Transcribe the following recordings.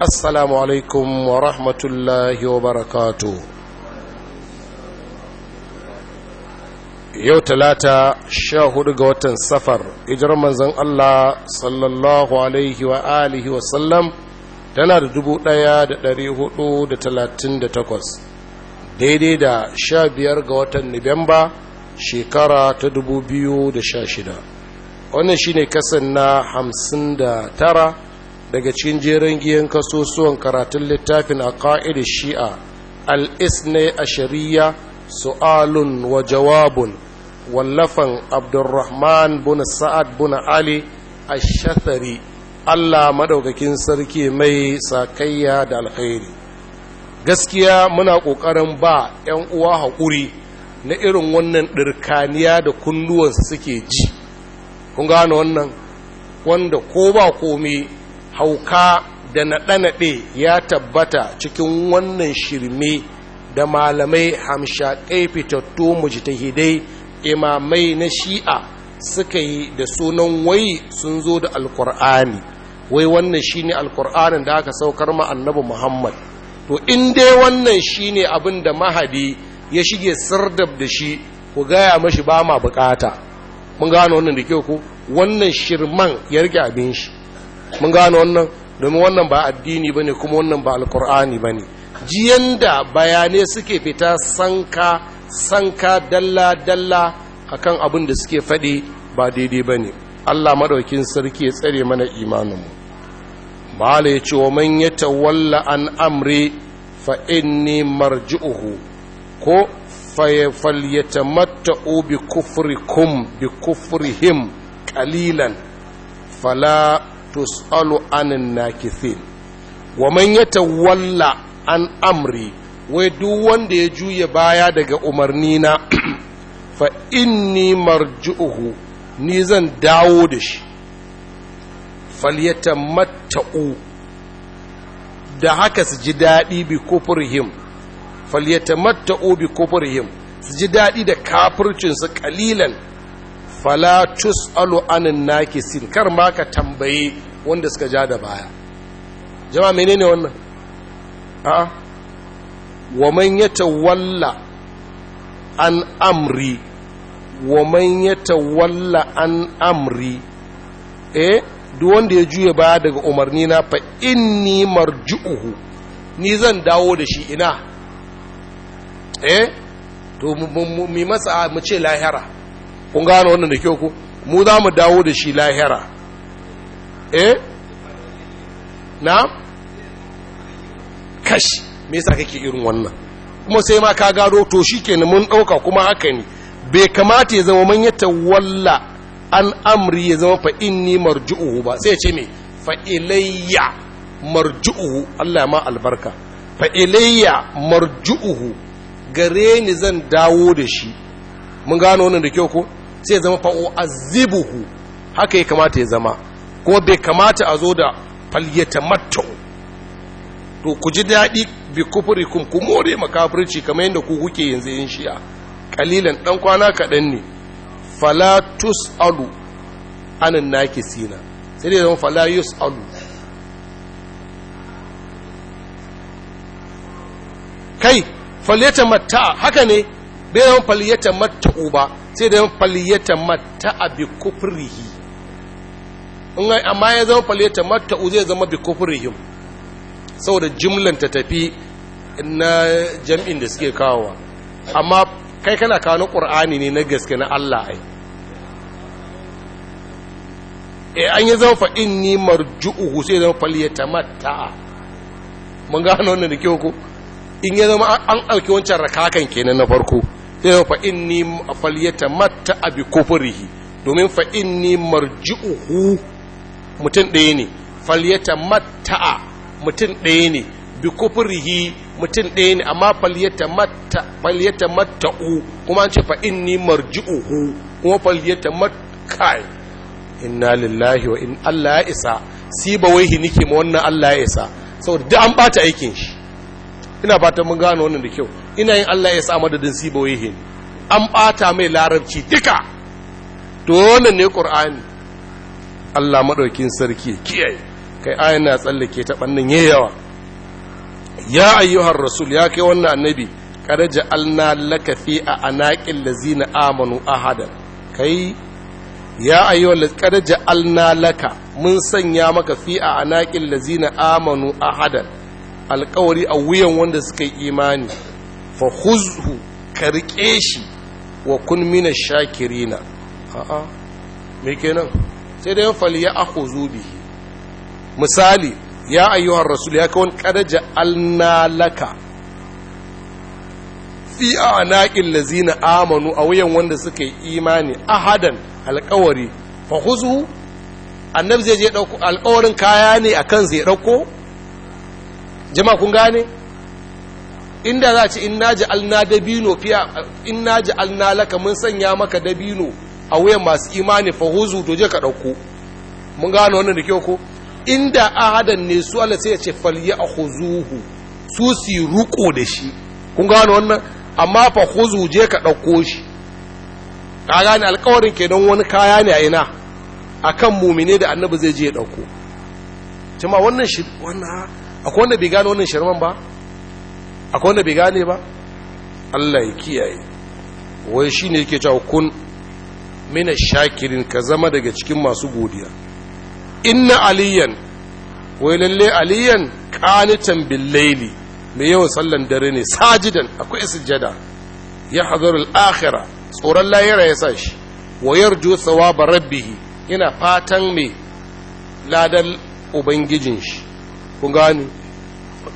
assalamu alaikum wa rahmatullahi wa barakatu yau talata sha hudu ga watan safar ijar manzan Allah sallallahu alaihi wa alihi wa sallam tana da dubu daya da dari hudu da talatin da takwas daidai da sha biyar ga watan nubamba shekara ta dubu biyu da sha shida wannan shine kasan na hamsin da tara daga cikin jerin giyan kasusuwan karatun littafin a ƙa'idar shi'a al'isne a shari'a su'alun wa jawabun wallafan abdurrahman bin sa'ad bin ali a shatari allah maɗaukakin sarki mai sakayya da alkhairi gaskiya muna ƙoƙarin ba 'yan uwa haƙuri na irin wannan ɗirkaniya da kunnuwansu suke ji kun gane wannan wanda ko ba komai hauka da naɗe-naɗe ya tabbata cikin wannan shirme da malamai hamshaƙai fitattu mujtahidai imamai na shi'a suka yi da sunan wai sun zo da alkur'ani wai wannan shine alkur'anin da aka saukar ma annabi muhammad to in dai wannan shine abin da mahadi ya shige sardab da shi ku gaya mashi ba ma bukata mun gano wannan da kyau ku wannan shirman ya rike abin shi mun gano wannan domin wannan ba addini ba kuma wannan ba alkur'ani ba ne jiyan da bayanai suke fita sanka sanka dalla-dalla akan abin da suke faɗi ba daidai ba allah maɗaukin sarki ya tsare mana imaninmu mala ya ce wa man ya tawalla an amri fa inni marji'uhu ko falyatamatta'u bi kufrikum bi kufrihim kalilan fala tus'alu anin nakithin wa man yatawalla an amri wai duk wanda ya juya baya daga umarni na fa inni marji'uhu ni zan dawo da shi falyatamatta'u da haka su ji daɗi bi kufurhim falyatamatta'u bi kufurhim su ji daɗi da kafircinsu kalilan fala tus'alu anin nakisin kar ma ka tambaye wanda suka ja da baya jama'a menene wannan a'a wa man tawalla an amri wa man tawalla an amri eh duk wanda ya juye baya daga umarni na fa inni marji'uhu ni zan dawo da shi ina eh to mu masa mu ce lahira kun gano wannan da kyau ku mu za mu dawo da shi lahira eh na kashi me yasa kake irin wannan kuma sai ma ka gado to shikenan mun dauka kuma haka ne bai kamata ya zama man ya tawalla an amri ya zama fa inni ba sai ya ce me fa ilayya marji'uhu Allah ma albarka fa ilayya marji'uhu gare ni zan dawo da shi mun gano wannan da kyau ko sai zama fa'o zibuhu haka ya kamata ya zama ko bai kamata a zo da falyata matta to ku ji daɗi bi kun ku more makafirci kamar yadda ku kuke yanzu yin shi'a Ƙalilan ɗan kwana kaɗan ne Falatus Alu, anan sina. sai dai zama Falayus Alu. kai falyata matta haka ne bai zama falyata matta'u ba sai da faliyata mata a bi kufrihi amma ya zama faliyata mata zai zama bi kufrihim saboda jimlan ta tafi na jam'in da suke kawowa amma kai kana kawo na ƙur'ani ne na gaske na Allah ai e an yi zama fa'in ni marju'uhu sai zama faliyata matta mun gano wannan da kyau ko in ya zama an ɗauki wancan rakakan kenan na farko sai eh, fa inni falyata matta abi kufrihi domin fa inni marji'uhu mutum ɗaya ne faliyata matta mutum ɗaya ne bi kufrihi mutum ɗaya ne amma faliyata matta matta matta'u kuma an ce fa inni marji'uhu kuma falyata matkai inna lillahi wa in Allah ya isa si ba waihi nike ma wannan Allah ya isa saboda duk an bata aikin shi ina fatan mun gano wannan da kyau ina yin Allah ya sa madadin sibawihin an ɓata mai larabci duka to wannan ne ƙur'ani Allah maɗaukin sarki kiyaye kai ayan na tsallake ta ɓannin yayi yawa ya ayyuhar rasul ya kai wannan annabi kada ja'alna laka fi a anaqil lazina amanu ahadan kai ya ayyuhal kada ja'alna laka mun sanya maka fi a anaqil lazina amanu ahadan alƙawari a wuyan wanda suka yi imani fa huzhu ka riƙe shi wa kun mina shakirina a'a me kenan sai dai fal ya akhuzu bihi misali ya ayyuhar rasul ya kawon kadaja alna laka fi anaqil lazina amanu a wanda suka yi imani ahadan alƙawari fa huzu annabi zai je dauko alƙawarin kaya ne akan zai dauko jama'a kun gane inda za a ci in ji alna dabino fiya in ji alna laka mun sanya maka dabino a wuyan masu imani fahuzu to je ka ɗauko mun gano wannan da kyau ko inda ahadan ne su Allah sai ya ce falya akhuzuhu su su ruko da shi kun gano wannan amma fahuzu je ka ɗauko shi ka gane alƙawarin don wani kaya ne a ina akan mumine da annabi zai je ya ɗauko jama wannan shi wannan akwai wanda bai gano wannan shirman ba akwai wanda bai gane ba Allah ya kiyaye wai shi ne yake cewa kun mina shakirin ka zama daga cikin masu godiya inna aliyan wai lalle aliyan kanitan billaili mai yawan sallan dare ne sajidan akwai sujada ya hazar al tsoron layira ya sa shi wa yarju thawaba rabbih yana fatan mai ladan ubangijin shi kun gani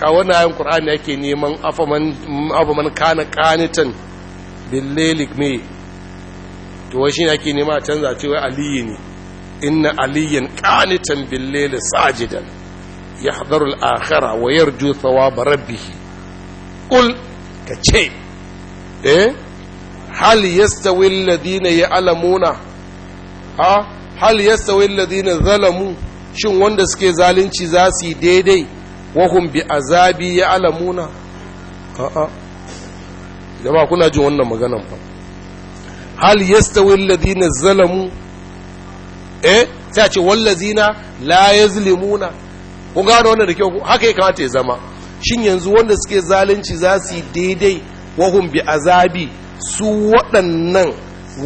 ka wani ayin ƙur'ani ake neman afaman kana kanitan billelik me to wai shi ne ake nema a canza ce wai aliyu ne inna aliyan kanitan billeli sajidan ya hadarul akhara wa yarju ba rabbihi kul ka ce eh hal yastawi alladhina ya'lamuna ha hal yastawi alladhina zalamu shin wanda suke zalunci za su yi daidai wahum bi azabi ya alamuna a'a jama'a kuna jin wannan maganan fa hal yastawi alladhina zalamu eh sai a ce wallazina la yazlimuna ku gano wannan da kyau haka ya kamata ya zama shin yanzu wanda suke zalunci za su yi daidai wahum bi azabi su waɗannan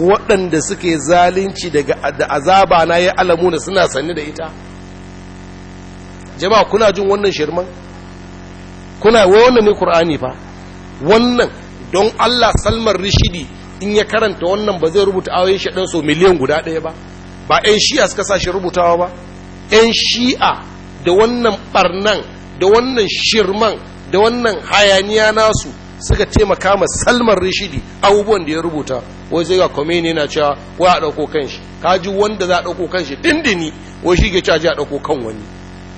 waɗanda suke zalunci daga azaba na ya alamuna suna sanni da ita jama'a kuna jin wannan shirman kuna wa wannan ne qur'ani fa wannan don Allah salman rishidi in ya karanta wannan ba zai rubuta ayoyin shi dan so miliyan guda ɗaya ba ba ɗan shi'a suka sa shi rubutawa ba ɗan shi'a da wannan barnan da wannan shirman da wannan hayaniya nasu suka taimaka ma salman rishidi abubuwan da ya rubuta wai zai ga komeni na cewa wai a ɗauko kan shi kaji wanda za a ɗauko kan shi dindini wai shi ke caji a ɗauko kan wani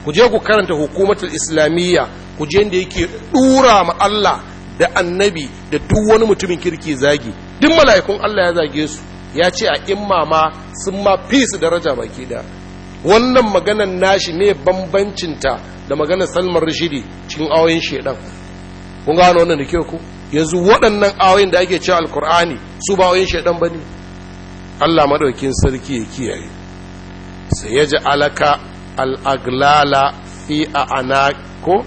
ku je ku karanta hukumatul islamiyya ku je inda yake dura ma Allah da annabi da duk wani mutumin kirki zagi duk mala'ikun Allah ya zage su ya ce a imma ma sun ma fi su daraja baki da wannan maganan nashi ne bambancinta da maganar salman rashidi cikin awoyin shedan kun gano wannan da ke ku yanzu waɗannan awoyin da ake cewa alkur'ani su ba awoyin shedan ba ne allah maɗaukin sarki ya kiyaye sai ya ji alaka al'aglala fi a anako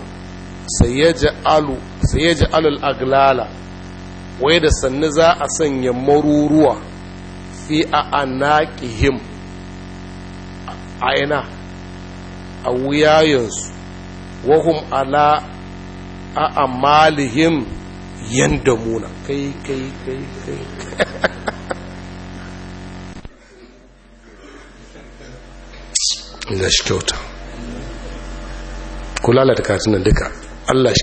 sai ya ji al'aglala wai da sannu za a sanya maruruwa fi a anakihim a ina a wuyayensu wahum ala a amalihim yanda muna kai kai kai kai da shi kyauta ku lalata katin duka Allah